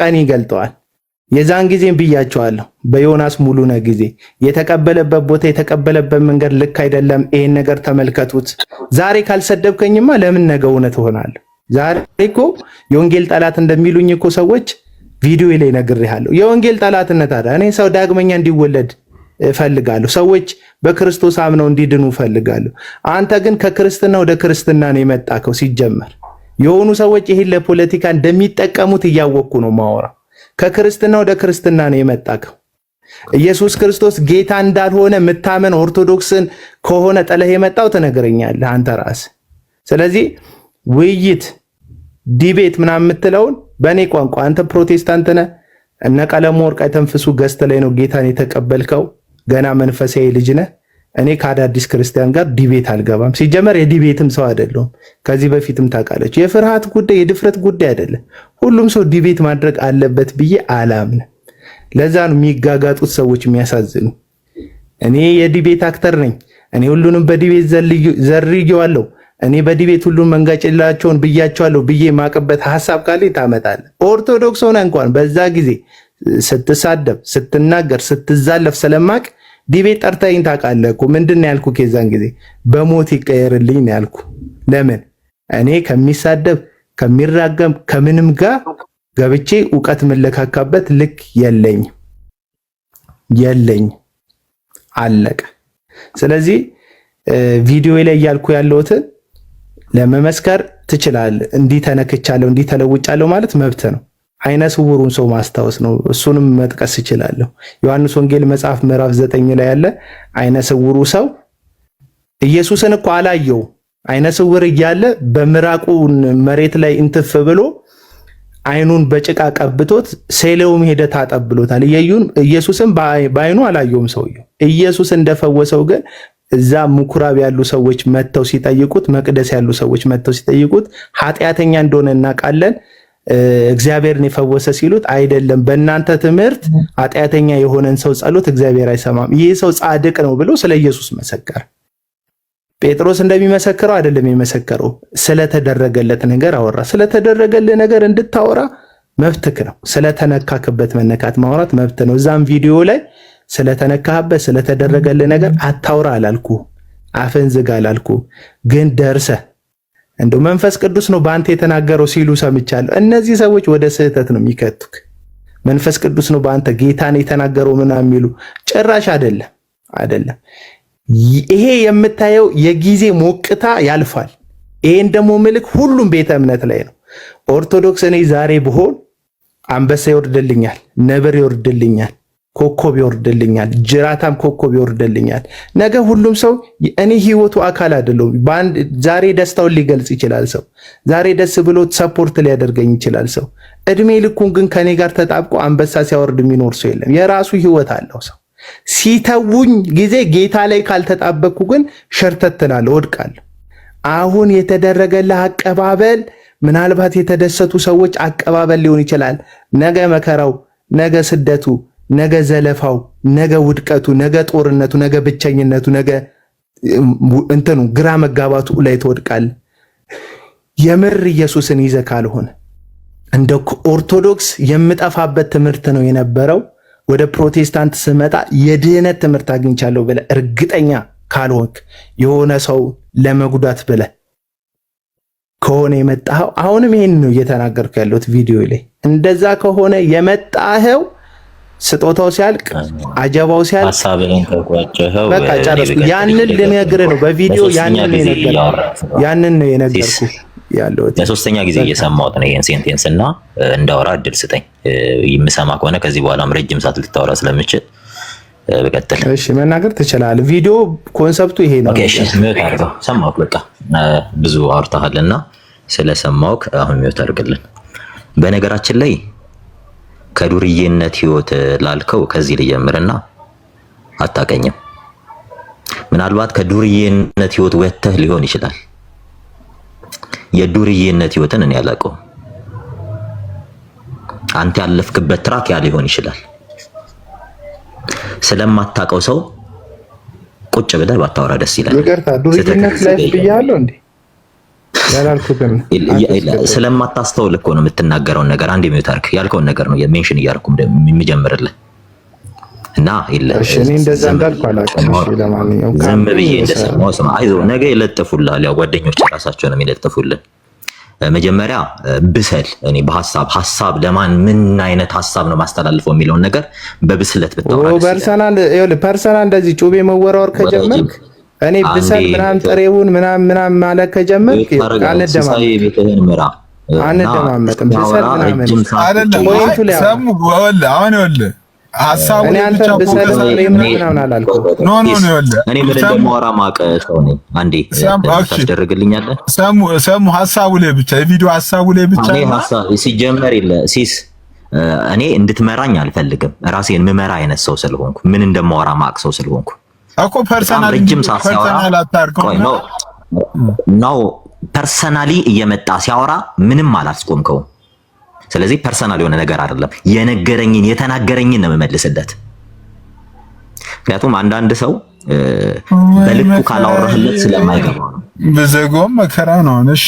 ቀን ይገልጠዋል። የዛን ጊዜ ብያቸዋለሁ በዮናስ ሙሉነ ጊዜ የተቀበለበት ቦታ የተቀበለበት መንገድ ልክ አይደለም። ይሄን ነገር ተመልከቱት። ዛሬ ካልሰደብከኝማ ለምን ነገ እውነት እሆናለሁ? ዛሬ እኮ የወንጌል ጠላት እንደሚሉኝ እኮ ሰዎች ቪዲዮ ላይ ነግሬሃለሁ። የወንጌል ጠላትነት አለ። እኔ ሰው ዳግመኛ እንዲወለድ እፈልጋለሁ። ሰዎች በክርስቶስ አምነው እንዲድኑ እፈልጋለሁ። አንተ ግን ከክርስትና ወደ ክርስትና ነው የመጣከው ሲጀመር የሆኑ ሰዎች ይሄን ለፖለቲካ እንደሚጠቀሙት እያወቅኩ ነው ማወራ። ከክርስትና ወደ ክርስትና ነው የመጣከው። ኢየሱስ ክርስቶስ ጌታ እንዳልሆነ የምታመን ኦርቶዶክስን ከሆነ ጥለህ የመጣው ትነግረኛለህ አንተ ራስ ስለዚህ ውይይት ዲቤት ምናምን የምትለውን በእኔ ቋንቋ አንተ ፕሮቴስታንት ነህ። እነ ቀለም ወርቅ አይተንፍሱ ገዝተ ላይ ነው ጌታን የተቀበልከው። ገና መንፈሳዊ ልጅ ነህ። እኔ ከአዳዲስ ክርስቲያን ጋር ዲቤት አልገባም። ሲጀመር የዲቤትም ሰው አይደለሁም። ከዚህ በፊትም ታውቃለች። የፍርሃት ጉዳይ የድፍረት ጉዳይ አይደለም። ሁሉም ሰው ዲቤት ማድረግ አለበት ብዬ አላምንም። ለዛ ነው የሚጋጋጡት ሰዎች የሚያሳዝኑ። እኔ የዲቤት አክተር ነኝ። እኔ ሁሉንም በዲቤት ዘርጌዋለሁ። እኔ በዲቤት ሁሉም መንጋጭላቸውን ብያቸዋለሁ ብዬ የማቅበት ሀሳብ ካለ ታመጣለ። ኦርቶዶክስ ሆነ እንኳን በዛ ጊዜ ስትሳደብ፣ ስትናገር፣ ስትዛለፍ ስለማቅ ዲቤት ጠርተኝ ታውቃለህ እኮ ምንድን ነው ያልኩ? ከዛን ጊዜ በሞት ይቀየርልኝ ነው ያልኩ። ለምን እኔ ከሚሳደብ ከሚራገም ከምንም ጋር ገብቼ እውቀት የምለካካበት ልክ የለኝ የለኝ አለቀ። ስለዚህ ቪዲዮ ላይ እያልኩ ያለሁትን ለመመስከር ትችላለህ። እንዲህ ተነክቻለሁ፣ እንዲህ ተለውጫለሁ ማለት መብት ነው። አይነ ስውሩን ሰው ማስታወስ ነው። እሱንም መጥቀስ እችላለሁ። ዮሐንስ ወንጌል መጽሐፍ ምዕራፍ ዘጠኝ ላይ ያለ አይነ ስውሩ ሰው ኢየሱስን እኮ አላየው። አይነ ስውር እያለ በምራቁን መሬት ላይ እንትፍ ብሎ አይኑን በጭቃ ቀብቶት ሴሌውም ሄደ ታጠብ ኢየሱስን በአይኑ አላየውም ሰውየው። ኢየሱስ እንደፈወሰው ግን እዛ ምኩራብ ያሉ ሰዎች መጥተው ሲጠይቁት፣ መቅደስ ያሉ ሰዎች መጥተው ሲጠይቁት ኃጢአተኛ እንደሆነ እናውቃለን እግዚአብሔርን የፈወሰ ሲሉት አይደለም፣ በእናንተ ትምህርት ኃጢአተኛ የሆነን ሰው ጸሎት እግዚአብሔር አይሰማም፣ ይህ ሰው ጻድቅ ነው ብሎ ስለ ኢየሱስ መሰከረ። ጴጥሮስ እንደሚመሰክረው አይደለም የመሰከረው፣ ስለተደረገለት ነገር አወራ። ስለተደረገለት ነገር እንድታወራ መብትክ ነው። ስለተነካክበት መነካት ማውራት መብት ነው። እዛም ቪዲዮ ላይ ስለተነካህበት ስለተደረገልህ ነገር አታውራ አላልኩ፣ አፍን ዝግ አላልኩ፣ ግን ደርሰህ እንደው መንፈስ ቅዱስ ነው በአንተ የተናገረው ሲሉ ሰምቻለሁ። እነዚህ ሰዎች ወደ ስህተት ነው የሚከቱክ። መንፈስ ቅዱስ ነው በአንተ ጌታን የተናገረው ምናምን የሚሉ ጭራሽ አይደለም፣ አይደለም። ይሄ የምታየው የጊዜ ሞቅታ ያልፋል። ይሄን ደግሞ ምልክ ሁሉም ቤተ እምነት ላይ ነው። ኦርቶዶክስ እኔ ዛሬ ብሆን አንበሳ ይወርድልኛል፣ ነብር ይወርድልኛል ኮከብ ይወርድልኛል፣ ጅራታም ኮከብ ይወርድልኛል። ነገ ሁሉም ሰው እኔ ህይወቱ አካል አይደለሁም። ዛሬ ደስታውን ሊገልጽ ይችላል ሰው፣ ዛሬ ደስ ብሎ ሰፖርት ሊያደርገኝ ይችላል ሰው። እድሜ ልኩን ግን ከኔ ጋር ተጣብቆ አንበሳ ሲያወርድ የሚኖር ሰው የለም። የራሱ ህይወት አለው ሰው። ሲተውኝ ጊዜ ጌታ ላይ ካልተጣበቅኩ ግን ሸርተትላለሁ፣ ወድቃለሁ። አሁን የተደረገልህ አቀባበል ምናልባት የተደሰቱ ሰዎች አቀባበል ሊሆን ይችላል። ነገ መከራው፣ ነገ ስደቱ ነገ ዘለፋው፣ ነገ ውድቀቱ፣ ነገ ጦርነቱ፣ ነገ ብቸኝነቱ፣ ነገ እንትኑ ግራ መጋባቱ ላይ ትወድቃል የምር ኢየሱስን ይዘ ካልሆነ እንደ ኦርቶዶክስ የምጠፋበት ትምህርት ነው የነበረው ወደ ፕሮቴስታንት ስመጣ የድህነት ትምህርት አግኝቻለሁ ብለ እርግጠኛ ካልሆንክ የሆነ ሰው ለመጉዳት ብለ ከሆነ የመጣኸው አሁንም ይህን ነው እየተናገርኩ ያለሁት ቪዲዮ ላይ እንደዛ ከሆነ የመጣኸው ስጦታው ሲያልቅ አጀባው ሲያልቅ በቃ ጨረስኩ። ያንን ልነግርህ ነው በቪዲዮ ያንን ያንን ነው የነገርኩ ያለሁት። ለሶስተኛ ጊዜ እየሰማሁት ነው ይህን ሴንቴንስ እና እንዳወራ እድል ስጠኝ። የምሰማ ከሆነ ከዚህ በኋላም ረጅም ሰዓት ልታወራ ስለምችል ብቀጥል መናገር ትችላለህ። ቪዲዮ ኮንሰፕቱ ይሄ ነው። ሰማሁት፣ በቃ ብዙ አውርተሃል እና ስለሰማሁህ አሁን ሚወት አድርግልን በነገራችን ላይ ከዱርዬነት ህይወት ላልከው ከዚህ ልጀምርና አታቀኝም። ምናልባት ከዱርዬነት ህይወት ወጥተህ ሊሆን ይችላል። የዱርዬነት ህይወትን እኔ አላውቀውም። አንተ ያለፍክበት ትራክ ያ ሊሆን ይችላል። ስለማታውቀው ሰው ቁጭ ብለህ ባታወራ ደስ ይላል። ስለማታስተውል እኮ ነው የምትናገረውን ነገር አንድ የሚታርክ ያልከውን ነገር ነው ሜንሽን እያልኩ የሚጀምርልህ እና ዝም ብዬ እንደሰማሁ ስማ፣ አይዞህ ነገ ይለጥፉልሃል። ያው ጓደኞች ራሳቸው ነው የሚለጥፉልን። መጀመሪያ ብሰል እኔ በሀሳብ ሀሳብ ለማን ምን አይነት ሀሳብ ነው ማስተላልፈው የሚለውን ነገር በብስለት ብታወራ ፐርሰናል እንደዚህ ጩቤ መወራወር ከጀመርክ እኔ ብሰል ምናም ጥሬውን ምናም ምናም ማለት ከጀመር አንደማመጥም። ብሰጥ ምናምን አሁን ይኸውልህ እኔ ምን እንደማወራ ማቀህ ሰው ነኝ። አንዴ ታስደርግልኛለህ። ሀሳቡ ላይ ብቻ የቪዲዮ ሀሳቡ ላይ ብቻ ሲጀመር የለ ሲስ እኔ እንድትመራኝ አልፈልግም። ራሴን ምመራ አይነት ሰው ስለሆንኩ ምን እንደማወራ ማቅ ሰው ስለሆንኩ እኮ ፐርሰናል ረጅም ነው። ፐርሰናሊ እየመጣ ሲያወራ ምንም አላስቆምከውም። ስለዚህ ፐርሰናል የሆነ ነገር አይደለም። የነገረኝን የተናገረኝን ነው የምመልስለት። ምክንያቱም አንዳንድ ሰው በልኩ ካላወራህለት ስለማይገባ ነው። ብዘጎም መከራ ነው። እሺ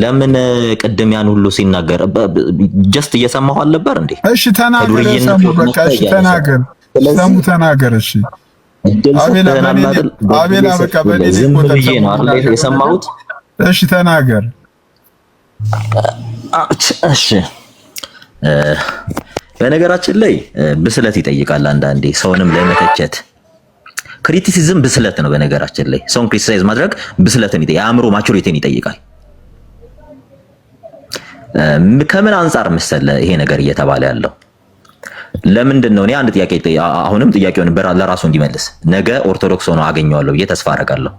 ለምን ቅድም ያን ሁሉ ሲናገር ጀስት እየሰማሁ አልነበር እንዴ? እሺ ተናገር፣ ተናገር ሰሙ ተናገር። እሺ አቤላ አቤላ በቃ የሰማሁት። እሺ ተናገር። እሺ በነገራችን ላይ ብስለት ይጠይቃል። አንዳንዴ ሰውንም ለመተቸት ክሪቲሲዝም ብስለት ነው። በነገራችን ላይ ሰውን ክሪቲሳይዝ ማድረግ ብስለትን ይጠይቃል፣ የአእምሮ ማቹሪቲን ይጠይቃል። ከምን አንጻር መሰለ ይሄ ነገር እየተባለ ያለው ለምንድን ነው እኔ አንድ ጥያቄ አሁንም ጥያቄውን ለራሱ እንዲመልስ ነገ ኦርቶዶክስ ሆኖ አገኘዋለሁ ብዬ ተስፋ አደርጋለሁ።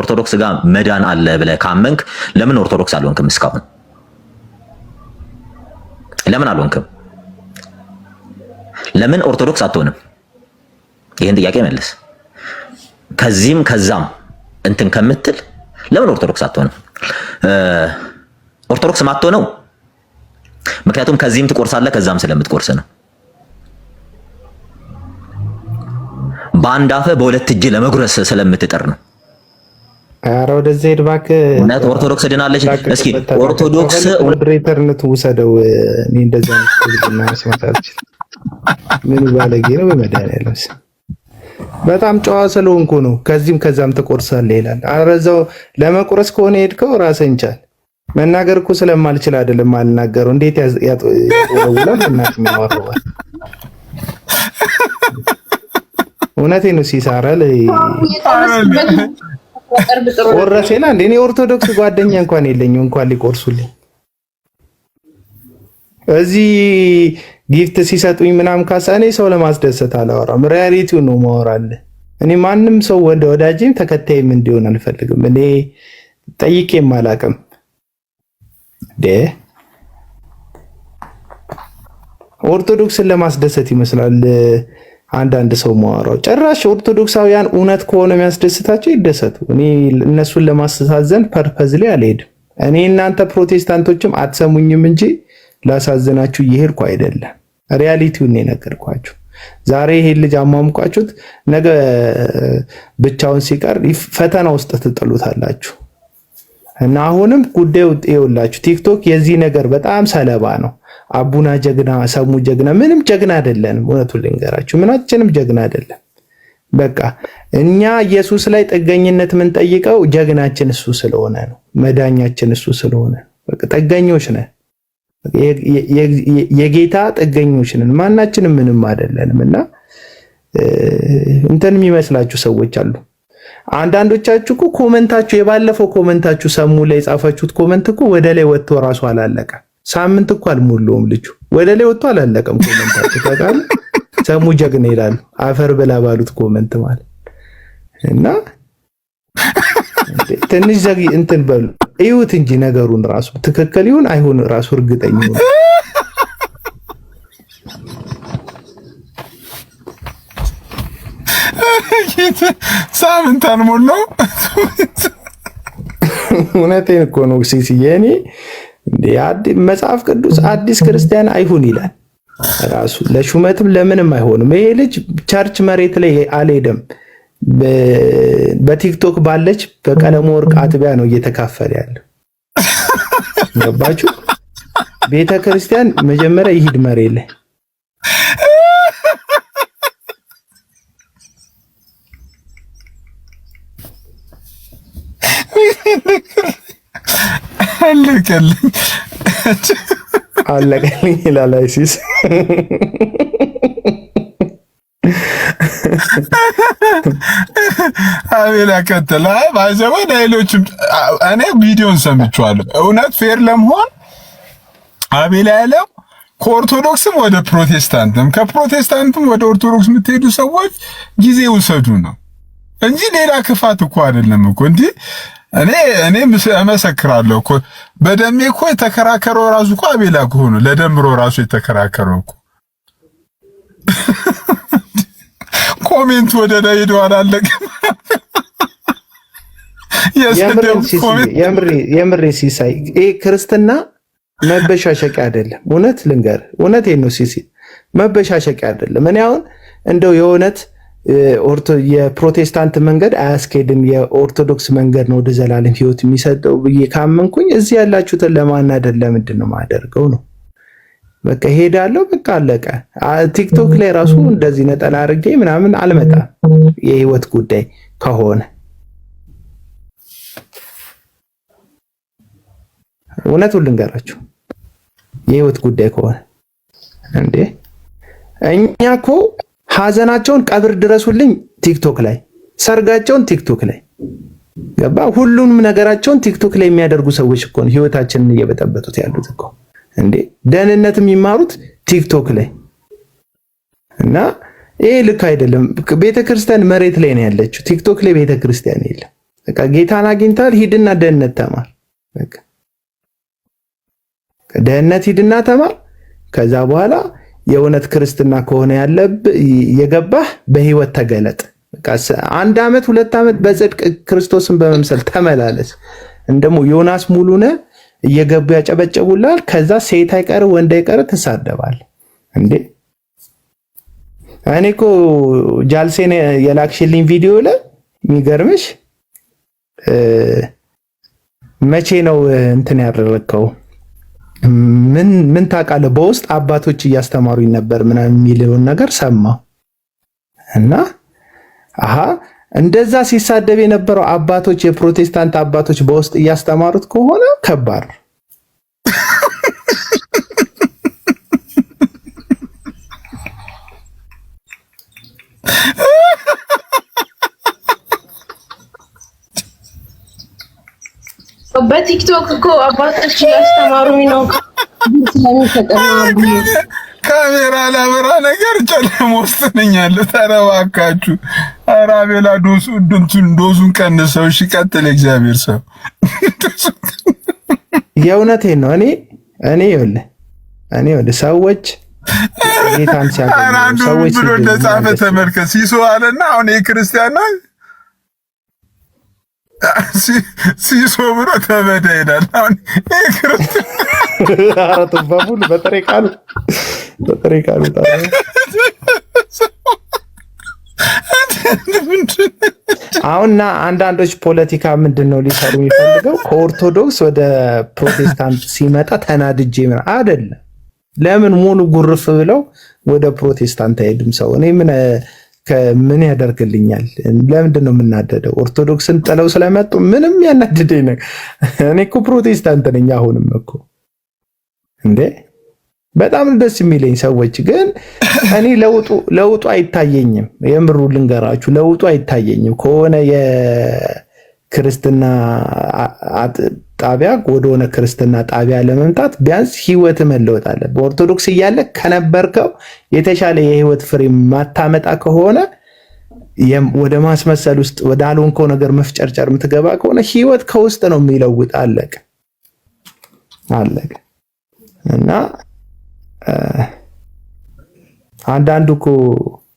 ኦርቶዶክስ ጋር መዳን አለ ብለህ ካመንክ ለምን ኦርቶዶክስ አልሆንክም? እስካሁን ለምን አልሆንክም? ለምን ኦርቶዶክስ አትሆንም? ይህን ጥያቄ መልስ። ከዚህም ከዛም እንትን ከምትል ለምን ኦርቶዶክስ አትሆንም? ኦርቶዶክስ ማትሆነው ምክንያቱም ከዚህም ትቆርሳለህ ከዛም ስለምትቆርስ ነው። በአንድ አፈ በሁለት እጅ ለመጉረስ ስለምትጥር ነው። ኧረ ወደዚህ ሄድ እባክህ። እውነት ኦርቶዶክስ ድናለች። እስኪ ኦርቶዶክስ ብሬተርነት ውሰደው። እኔ እንደዚህ ምን ባለጌ ነው በመድኃኒዓለም በጣም ጨዋ ስለሆንኩ ነው። ከዚህም ከዛም ትቆርሳለህ ይላል። ኧረ እዛው ለመቁረስ ከሆነ ሄድከው ራስህን ቻል። መናገር እኮ ስለማልችል አይደለም አልናገረው። እንዴት ያወረውላል እናት የሚያወረዋል እውነቴ ነው። ሲሳራል ቆረሴና እንደ እኔ ኦርቶዶክስ ጓደኛ እንኳን የለኝም፣ እንኳን ሊቆርሱልኝ እዚህ ጊፍት ሲሰጡኝ ምናምን ካሳ እኔ ሰው ለማስደሰት አላወራም። ሪያሊቲው ነው ማወራለ። እኔ ማንም ሰው ወደ ወዳጅም ተከታይም እንዲሆን አልፈልግም። እኔ ጠይቄም አላቅም። ኦርቶዶክስን ለማስደሰት ይመስላል አንዳንድ ሰው ማወራው ጭራሽ ኦርቶዶክሳውያን እውነት ከሆነ የሚያስደስታቸው ይደሰቱ። እኔ እነሱን ለማስተሳዘን ፐርፐዝ ላይ አልሄድም። እኔ እናንተ ፕሮቴስታንቶችም አትሰሙኝም እንጂ ላሳዝናችሁ እየሄድኩ አይደለም። ሪያሊቲውን የነገርኳችሁ ዛሬ ይሄ ልጅ አሟሙቃችሁት ነገ ብቻውን ሲቀር ፈተና ውስጥ ትጥሉታላችሁ። እና አሁንም ጉዳዩ ይኸውላችሁ ቲክቶክ የዚህ ነገር በጣም ሰለባ ነው። አቡና ጀግና፣ ሰሙ ጀግና፣ ምንም ጀግና አይደለንም። እውነቱን ልንገራችሁ ምናችንም ጀግና አይደለም። በቃ እኛ ኢየሱስ ላይ ጥገኝነት የምንጠይቀው ጀግናችን እሱ ስለሆነ ነው። መዳኛችን እሱ ስለሆነ በቃ ጥገኞች ነን፣ የጌታ ጥገኞች ነን። ማናችንም ምንም አይደለንም እና እንትን የሚመስላችሁ ሰዎች አሉ አንዳንዶቻችሁ እኮ ኮመንታችሁ የባለፈው ኮመንታችሁ ሰሙ ላይ የጻፋችሁት ኮመንት እኮ ወደ ላይ ወጥቶ ራሱ አላለቀ። ሳምንት እኮ አልሞላውም ልጁ ወደ ላይ ወጥቶ አላለቀም። ኮመንታችሁ ተቃል ሰሙ ጀግና ይላሉ። አፈር ብላ ባሉት ኮመንት ማለት እና ትንሽ ዘግ እንትን በሉ እዩት እንጂ ነገሩን ራሱ ትክክል ይሁን አይሁን ራሱ እርግጠኝ እርግጠኛ ጌት ሳምንት አልሞላው። እውነቴን እኮ ነው ሲስዬ። እኔ መጽሐፍ ቅዱስ አዲስ ክርስቲያን አይሁን ይላል ራሱ። ለሹመትም ለምንም አይሆንም። ይሄ ልጅ ቸርች መሬት ላይ አልሄደም። በቲክቶክ ባለች በቀለሙ ወርቅ አጥቢያ ነው እየተካፈለ ያለ። ገባችሁ? ቤተ ክርስቲያን መጀመሪያ ይሂድ መሬት ላይ አለቀልኝ አለቀልኝ ይላል አይሲስ። አቤላ ቀጥላ እኔ ቪዲዮን ሰምቼዋለሁ። እውነት ፌር ለመሆን አቤላ ያለው ከኦርቶዶክስም ወደ ፕሮቴስታንትም ከፕሮቴስታንትም ወደ ኦርቶዶክስ የምትሄዱ ሰዎች ጊዜ ውሰዱ ነው እንጂ ሌላ ክፋት እኮ አይደለም እኮ እንዲህ እኔ እኔ እመሰክራለሁ እኮ በደሜ እኮ የተከራከረው ራሱ እኮ አቤላ ከሆኑ ለደምሮ ራሱ የተከራከረው እኮ ኮሜንት ወደ ላይ ሄደዋል። አላለቅም የምሬ ሲሳይ፣ ይሄ ክርስትና መበሻሸቂያ አይደለም። እውነት ልንገር፣ እውነት ነው ሲሲ፣ መበሻሸቂያ አይደለም። እኔ አሁን እንደው የእውነት የፕሮቴስታንት መንገድ አያስኬድም፣ የኦርቶዶክስ መንገድ ነው ወደ ዘላለም ህይወት የሚሰጠው ብዬ ካመንኩኝ እዚህ ያላችሁትን ለማናደድ ለምንድን ነው ማደርገው ነው። በቃ ሄዳለሁ፣ በቃ አለቀ። ቲክቶክ ላይ ራሱ እንደዚህ ነጠላ አድርጌ ምናምን አልመጣም። የህይወት ጉዳይ ከሆነ እውነቱን ልንገራችሁ፣ የህይወት ጉዳይ ከሆነ እንዴ እኛ እኮ ሀዘናቸውን ቀብር ድረሱልኝ ቲክቶክ ላይ፣ ሰርጋቸውን ቲክቶክ ላይ ገባ። ሁሉንም ነገራቸውን ቲክቶክ ላይ የሚያደርጉ ሰዎች እኮ ነው ህይወታችንን እየበጠበጡት ያሉት እኮ እንዴ። ደህንነት የሚማሩት ቲክቶክ ላይ እና ይሄ ልክ አይደለም። ቤተክርስቲያን መሬት ላይ ነው ያለችው። ቲክቶክ ላይ ቤተክርስቲያን የለም። በቃ ጌታን አግኝታል፣ ሂድና ደህንነት ተማር። ደህንነት ሂድና ተማር። ከዛ በኋላ የእውነት ክርስትና ከሆነ ያለ የገባህ በህይወት ተገለጥ። አንድ ዓመት ሁለት ዓመት በጽድቅ ክርስቶስን በመምሰል ተመላለስ። እንደሞ ዮናስ ሙሉነ እየገቡ ያጨበጨቡላል። ከዛ ሴት አይቀር ወንድ አይቀር ትሳደባል እንዴ! እኔ እኮ ጃልሴን የላክሽልኝ ቪዲዮ ላይ የሚገርምሽ መቼ ነው እንትን ያደረግከው ምን ምን ታውቃለህ? በውስጥ አባቶች እያስተማሩኝ ነበር ምናምን የሚለውን ነገር ሰማ እና አሀ እንደዛ ሲሳደብ የነበረው አባቶች የፕሮቴስታንት አባቶች በውስጥ እያስተማሩት ከሆነ ከባድ ነው። በቲክቶክ እኮ አባቶች ያስተማሩኝ ነው። ካሜራ ላብራ ነገር ጨለማ ውስጥ ነኝ ያለ ተረባካችሁ። ኧረ አቤላ ዶሱ ድምፁን ዶሱን ቀንሰው እሺ፣ ቀጥል። እግዚአብሔር ሰው የእውነቴን ነው። እኔ እኔ ይኸውልህ እኔ ይኸውልህ ሰዎች ጌታን ሲያገኙ ሰዎች ብሎ እንደጻፈ ተመልከት። ሲሶ አለና አሁን የክርስቲያን ነው ሲሶ ብሎ ተበዳ ይሄዳል። አሁን በሙሉ በጥሬ ቃሉ በጥሬ ቃሉ አሁንና አንዳንዶች ፖለቲካ ምንድን ነው ሊሰሩ የሚፈልገው ከኦርቶዶክስ ወደ ፕሮቴስታንት ሲመጣ ተናድጄ ምን አይደለም። ለምን ሙሉ ጉርፍ ብለው ወደ ፕሮቴስታንት አይሄድም ሰው እኔ ምን ምን ያደርግልኛል? ለምንድን ነው የምናደደው? ኦርቶዶክስን ጥለው ስለመጡ ምንም ያናድደኝ ነገር እኔ እኮ ፕሮቴስታንት ነኝ። አሁንም እኮ እንዴ በጣም ደስ የሚለኝ ሰዎች ግን እኔ ለውጡ ለውጡ አይታየኝም። የምሩ ልንገራችሁ ለውጡ አይታየኝም ከሆነ የክርስትና ጣቢያ ሆነ ክርስትና ጣቢያ ለመምጣት ቢያንስ ህይወት መለወጥ አለ። በኦርቶዶክስ እያለ ከነበርከው የተሻለ የህይወት ፍሬ ማታመጣ ከሆነ ወደ ማስመሰል ውስጥ ወደ አልሆንከው ነገር መፍጨርጨር የምትገባ ከሆነ ህይወት ከውስጥ ነው የሚለውጥ። አለቀ አለቀ። እና አንዳንዱ እኮ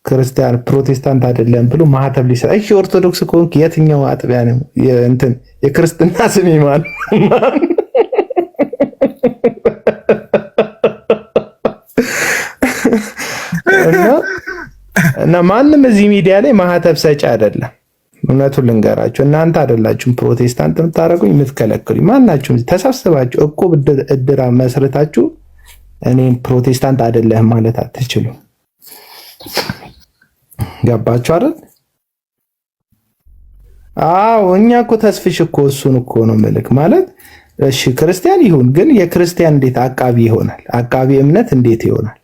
ክርስቲያን ፕሮቴስታንት አይደለም ብሎ ማህተብ ሊሰራ እሺ፣ ኦርቶዶክስ ከሆንክ የትኛው አጥቢያ ነው እንትን የክርስትና ስም ይማል እና ማንም እዚህ ሚዲያ ላይ ማህተብ ሰጪ አይደለም። እውነቱን ልንገራቸው፣ እናንተ አይደላችሁም ፕሮቴስታንት የምታደርጉኝ የምትከለክሉኝ። ማናችሁም ተሰብስባችሁ እቁብ እድራ መስረታችሁ እኔም ፕሮቴስታንት አይደለህም ማለት አትችሉም። ገባችሁ አይደል? አዎ እኛ እኮ ተስፍሽ እኮ እሱን እኮ ነው ምልክ ማለት እሺ ክርስቲያን ይሁን ግን የክርስቲያን እንዴት አቃቢ ይሆናል? አቃቢ እምነት እንዴት ይሆናል?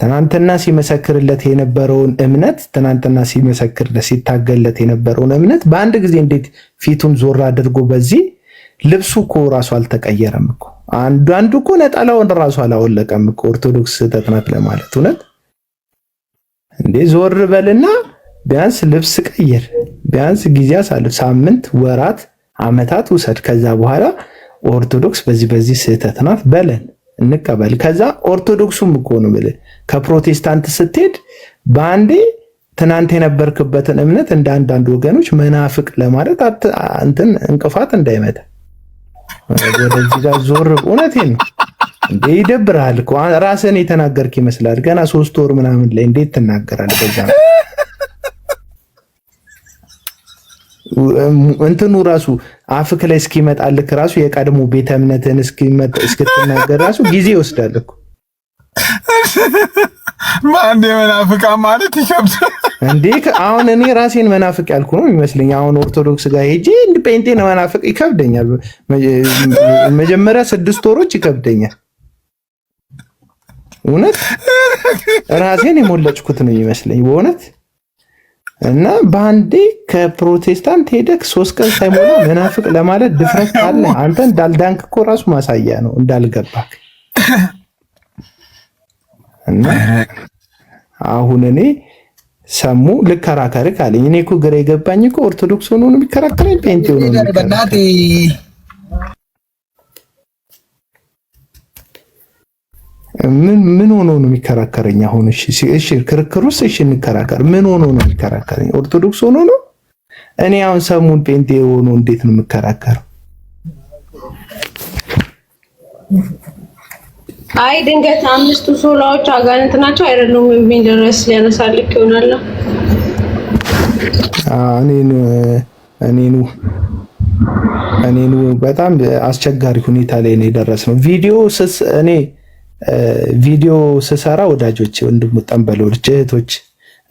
ትናንትና ሲመሰክርለት የነበረውን እምነት ትናንትና ሲመሰክርለት ሲታገለት የነበረውን እምነት በአንድ ጊዜ እንዴት ፊቱን ዞር አድርጎ በዚህ ልብሱ እኮ ራሱ አልተቀየረም እኮ አንዱ አንዱ እኮ ነጠላውን ራሱ አላወለቀም እኮ ኦርቶዶክስ ስህተት ናት ለማለት እውነት እንዴ ዞር በልና ቢያንስ ልብስ ቀይር፣ ቢያንስ ጊዜ አሳልፍ፣ ሳምንት፣ ወራት፣ አመታት ውሰድ። ከዛ በኋላ ኦርቶዶክስ በዚህ በዚህ ስህተት ናት በለን እንቀበል። ከዛ ኦርቶዶክሱም እኮ ነው የምልህ ከፕሮቴስታንት ስትሄድ በአንዴ ትናንት የነበርክበትን እምነት እንደ አንዳንድ ወገኖች መናፍቅ ለማለት እንትን እንቅፋት እንዳይመጣ ወደዚህ ጋር ዞር። እውነቴን ነው። እንዴ ይደብራል እኮ ራስህን የተናገርክ ይመስላል። ገና ሶስት ወር ምናምን ላይ እንዴት ትናገራል? በዛ እንትኑ ራሱ አፍክ ላይ እስኪመጣልክ ራሱ የቀድሞ ቤተ እምነትህን እስክትናገር ራሱ ጊዜ ይወስዳል እኮ ማን የመናፍቃ ማለት ይከብዳል እንዴ። አሁን እኔ ራሴን መናፍቅ ያልኩ ነው የሚመስለኝ። አሁን ኦርቶዶክስ ጋር ሄጄ እንድ ጴንጤን መናፍቅ ይከብደኛል። መጀመሪያ ስድስት ወሮች ይከብደኛል። እውነት ራሴን የሞለጭኩት ነው ይመስለኝ በእውነት እና በአንዴ ከፕሮቴስታንት ሄደክ ሶስት ቀን ሳይሞላ መናፍቅ ለማለት ድፍረት አለ። አንተ እንዳልዳንክ እኮ ራሱ ማሳያ ነው እንዳልገባክ። እና አሁን እኔ ሰሙ ልከራከርክ አለኝ። እኔ እኮ ግራ የገባኝ እኮ ኦርቶዶክስ ሆኖ ነው የሚከራከረኝ ጴንጤ ሆኖ ምን ምን ሆኖ ነው የሚከራከረኝ? አሁን እሺ እሺ ክርክር ውስጥ እሺ እንከራከር። ምን ሆኖ ነው የሚከራከረኝ? ኦርቶዶክስ ሆኖ ነው? እኔ አሁን ሰሙን ጴንጤ ሆኖ እንዴት ነው የምከራከረው? አይ ድንገት አምስቱ ሶላዎች አጋንንት ናቸው አይደሉም የሚል ድረስ ሊያነሳልክ ይሆናል። እኔኑ እኔኑ በጣም አስቸጋሪ ሁኔታ ላይ ነው የደረስነው ቪዲዮ ስስ እኔ ቪዲዮ ስሰራ ወዳጆች፣ ወንድም ጠንበለው እህቶች፣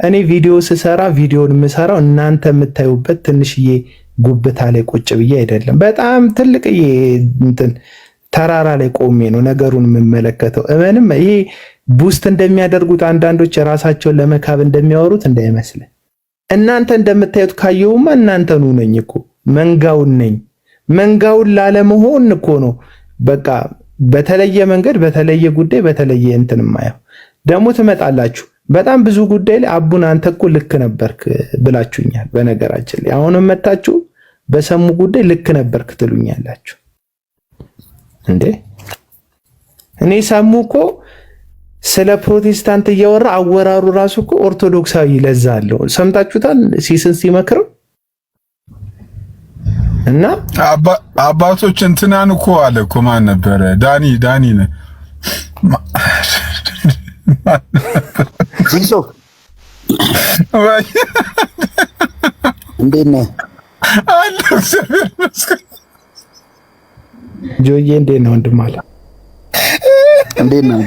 እኔ ቪዲዮ ስሰራ ቪዲዮን የምሰራው እናንተ የምታዩበት ትንሽዬ ጉብታ ላይ ቁጭ ብዬ አይደለም። በጣም ትልቅዬ እንትን ተራራ ላይ ቆሜ ነው ነገሩን የምመለከተው። እመንም ይሄ ቡስት እንደሚያደርጉት አንዳንዶች ራሳቸውን ለመካብ እንደሚያወሩት እንዳይመስል እናንተ እንደምታዩት ካየውማ እናንተኑ ነኝ እኮ መንጋውን ነኝ። መንጋውን ላለመሆን እኮ ነው በቃ በተለየ መንገድ በተለየ ጉዳይ በተለየ እንትን ማየው ደግሞ ትመጣላችሁ። በጣም ብዙ ጉዳይ ላይ አቡን አንተ እኮ ልክ ነበርክ ብላችሁኛል። በነገራችን ላይ አሁንም መታችሁ በሰሙ ጉዳይ ልክ ነበርክ ትሉኛላችሁ። እንዴ እኔ ሰሙ እኮ ስለ ፕሮቴስታንት እያወራ አወራሩ ራሱ እኮ ኦርቶዶክሳዊ ለዛ አለው። ሰምታችሁታል ሲስን ሲመክረው እና አባቶች እንትናን እኮ አለ እኮ ማን ነበረ? ዳኒ ዳኒ ነው ጆዬ እንዴት ወንድም አለ እንዴት ነው?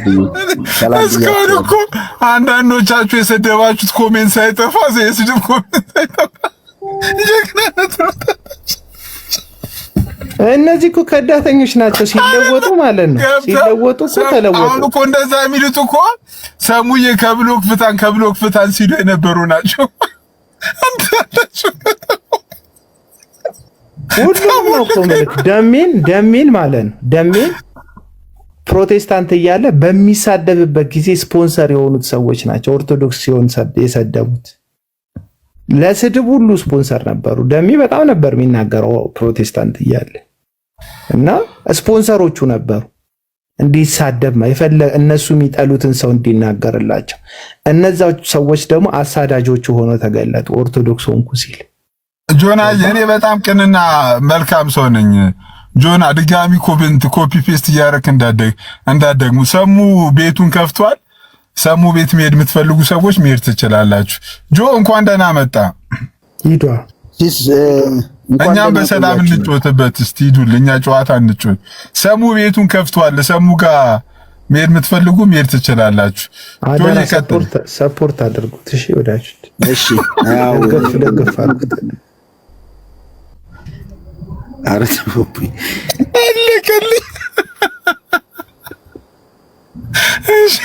እስካሁን እኮ አንዳንዶቻችሁ የሰደባችሁት ኮሜንት ሳይጠፋ የስድብ ኮሜንት ሳይጠፋ ጀግናነት ነው። እነዚህ እኮ ከዳተኞች ናቸው። ሲለወጡ ማለት ነው ሲለወጡ እኮ ተለወጡ። አሁን እኮ እንደዛ የሚሉት እኮ ሰሙዬ ከብሎክ ፍታን ከብሎክ ፍታን ሲሉ የነበሩ ናቸው። ሁሉም ነው እኮ ማለት ደሜን ደሜን ማለት ነው ደሜን ፕሮቴስታንት እያለ በሚሳደብበት ጊዜ ስፖንሰር የሆኑት ሰዎች ናቸው። ኦርቶዶክስ ሲሆን የሰደቡት ለስድብ ሁሉ ስፖንሰር ነበሩ። ደሜ በጣም ነበር የሚናገረው ፕሮቴስታንት እያለ እና ስፖንሰሮቹ ነበሩ እንዲሳደብ እነሱ የሚጠሉትን ሰው እንዲናገርላቸው። እነዛ ሰዎች ደግሞ አሳዳጆቹ ሆኖ ተገለጡ። ኦርቶዶክስ ሆንኩ ሲል ጆና፣ እኔ በጣም ቅንና መልካም ሰው ነኝ። ጆና ድጋሚ ኮብንት ኮፒ ፔስት እያደረክ እንዳደግሙ ሰሙ ቤቱን ከፍቷል። ሰሙ ቤት መሄድ የምትፈልጉ ሰዎች መሄድ ትችላላችሁ። ጆ እንኳን ደህና መጣ ሂዷ እኛም በሰላም እንጮትበት። እስቲ ሂዱል፣ እኛ ጨዋታ እንጮት። ሰሙ ቤቱን ከፍቷል። ሰሙ ጋር መሄድ የምትፈልጉ መሄድ ትችላላችሁ። ጆኒ ሰፖርት አድርጉት። እሺ ወዳችሁት። እሺ ደገፍ ደገፍ አድርጉት። ኧረ ተውብኝ አለቀልኝ። እሺ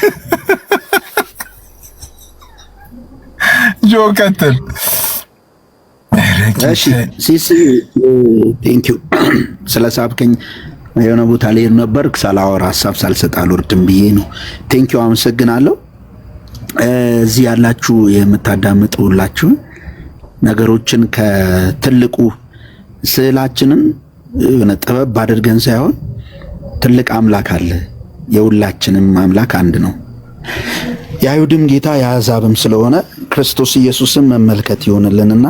ጆ ቀጥል። ሲስ ቴንክ ስለ ስለሳብከኝ የሆነ ቦታ ልሄድ ነበር፣ ሳላወራ ሀሳብ ሳልሰጥ አልወርድም ብዬ ነው። ቴንኪዩ አመሰግናለሁ። እዚህ ያላችሁ የምታዳምጡላችሁ ነገሮችን ከትልቁ ስዕላችንን የሆነ ጥበብ አድርገን ሳይሆን ትልቅ አምላክ አለ። የሁላችንም አምላክ አንድ ነው። የአይሁድም ጌታ የአሕዛብም ስለሆነ ክርስቶስ ኢየሱስን መመልከት ይሆንልንና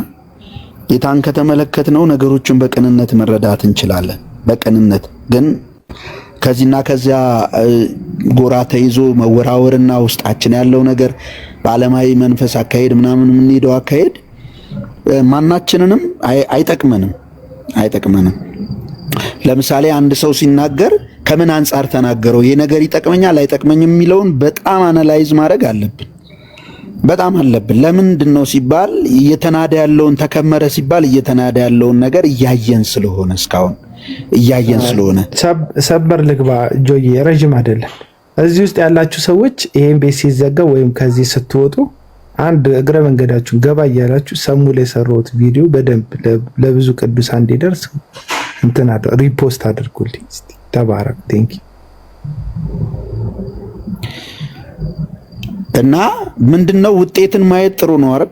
ጌታን ከተመለከትነው ነገሮችን በቅንነት መረዳት እንችላለን። በቅንነት ግን ከዚህና ከዚያ ጎራ ተይዞ መወራወርና ውስጣችን ያለው ነገር በዓለማዊ መንፈስ አካሄድ ምናምን የምንሄደው አካሄድ ማናችንንም አይጠቅመንም አይጠቅመንም። ለምሳሌ አንድ ሰው ሲናገር ከምን አንጻር ተናገረው፣ ይሄ ነገር ይጠቅመኛል አይጠቅመኝም የሚለውን በጣም አናላይዝ ማድረግ አለብን። በጣም አለብን። ለምንድን ነው ሲባል እየተናደ ያለውን ተከመረ ሲባል እየተናደ ያለውን ነገር እያየን ስለሆነ እስካሁን እያየን ስለሆነ ሰበር ልግባ ጆዬ፣ ረዥም አይደለም። እዚህ ውስጥ ያላችሁ ሰዎች ይሄን ቤት ሲዘጋ ወይም ከዚህ ስትወጡ አንድ እግረ መንገዳችሁን ገባ እያላችሁ ሰሙ ላይ የሰራሁት ቪዲዮ በደንብ ለብዙ ቅዱሳን እንዲደርስ እንትን ሪፖስት አድርጉልኝ። ተባረክ። ዩ እና ምንድነው ውጤትን ማየት ጥሩ ነው አይደል?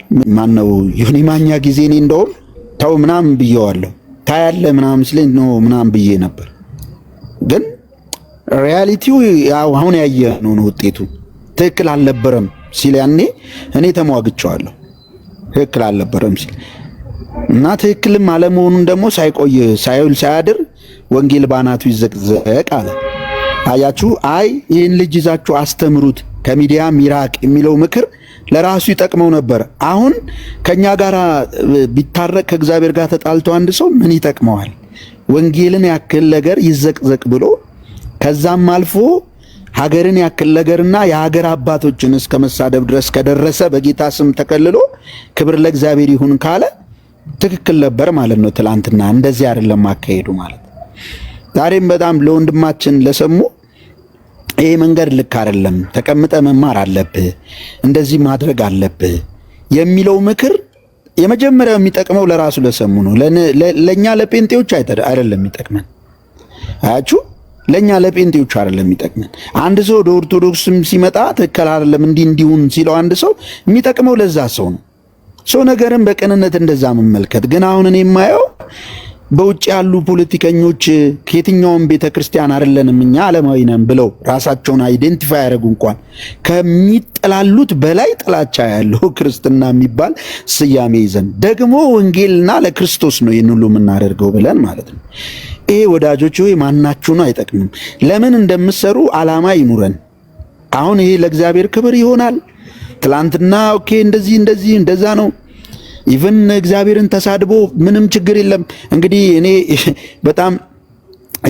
ነው ዮኒ ማኛ ጊዜ እኔ እንደውም ተው ምናምን ብየዋለሁ። ታያለ ምናምን ስለ ነው ምናምን ብዬ ነበር። ግን ሪያሊቲው ያው አሁን ያየ ነው ነው ውጤቱ ትክክል አልነበረም ሲል ያኔ እኔ ተሟግቸዋለሁ። ትክክል አልነበረም ሲል እና ትክክልም አለመሆኑን ደግሞ ሳይቆይ ሳይውል ሳያድር ወንጌል ባናቱ ይዘቅዘቅ አለ። አያችሁ፣ አይ ይህን ልጅ ይዛችሁ አስተምሩት ከሚዲያ ሚራቅ የሚለው ምክር ለራሱ ይጠቅመው ነበር። አሁን ከኛ ጋር ቢታረቅ ከእግዚአብሔር ጋር ተጣልቶ አንድ ሰው ምን ይጠቅመዋል? ወንጌልን ያክል ነገር ይዘቅዘቅ ብሎ ከዛም አልፎ ሀገርን ያክል ነገርና የሀገር አባቶችን እስከ መሳደብ ድረስ ከደረሰ በጌታ ስም ተከልሎ ክብር ለእግዚአብሔር ይሁን ካለ ትክክል ነበር ማለት ነው። ትላንትና እንደዚህ አይደለም አካሄዱ ማለት ዛሬም በጣም ለወንድማችን ለሰሙ ይህ መንገድ ልክ አይደለም፣ ተቀምጠ መማር አለብህ፣ እንደዚህ ማድረግ አለብህ የሚለው ምክር የመጀመሪያው የሚጠቅመው ለራሱ ለሰሙ ነው። ለእኛ ለጴንጤዎች አይደለም የሚጠቅመን። አያችሁ፣ ለእኛ ለጴንጤዎች አይደለም የሚጠቅመን። አንድ ሰው ወደ ኦርቶዶክስም ሲመጣ ትክክል አይደለም እንዲህ እንዲሁን ሲለው አንድ ሰው የሚጠቅመው ለዛ ሰው ነው። ሰው ነገርን በቅንነት እንደዛ መመልከት ግን አሁን እኔ የማየው በውጭ ያሉ ፖለቲከኞች ከየትኛውም ቤተ ክርስቲያን አይደለንም እኛ ዓለማዊ ነን ብለው ራሳቸውን አይደንቲፋይ ያደረጉ እንኳን ከሚጠላሉት በላይ ጥላቻ ያለው ክርስትና የሚባል ስያሜ ይዘን ደግሞ ወንጌልና ለክርስቶስ ነው ይህን ሁሉ የምናደርገው ብለን ማለት ነው። ይሄ ወዳጆች ወይ ማናችሁ ነው አይጠቅምም። ለምን እንደምሰሩ ዓላማ ይኑረን። አሁን ይሄ ለእግዚአብሔር ክብር ይሆናል። ትላንትና ኦኬ እንደዚህ እንደዚህ እንደዛ ነው ኢቭን እግዚአብሔርን ተሳድቦ ምንም ችግር የለም። እንግዲህ እኔ በጣም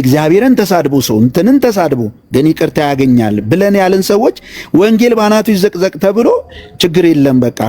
እግዚአብሔርን ተሳድቦ ሰው እንትንን ተሳድቦ ግን ይቅርታ ያገኛል ብለን ያለን ሰዎች ወንጌል ባናቱ ይዘቅዘቅ ተብሎ ችግር የለም በቃ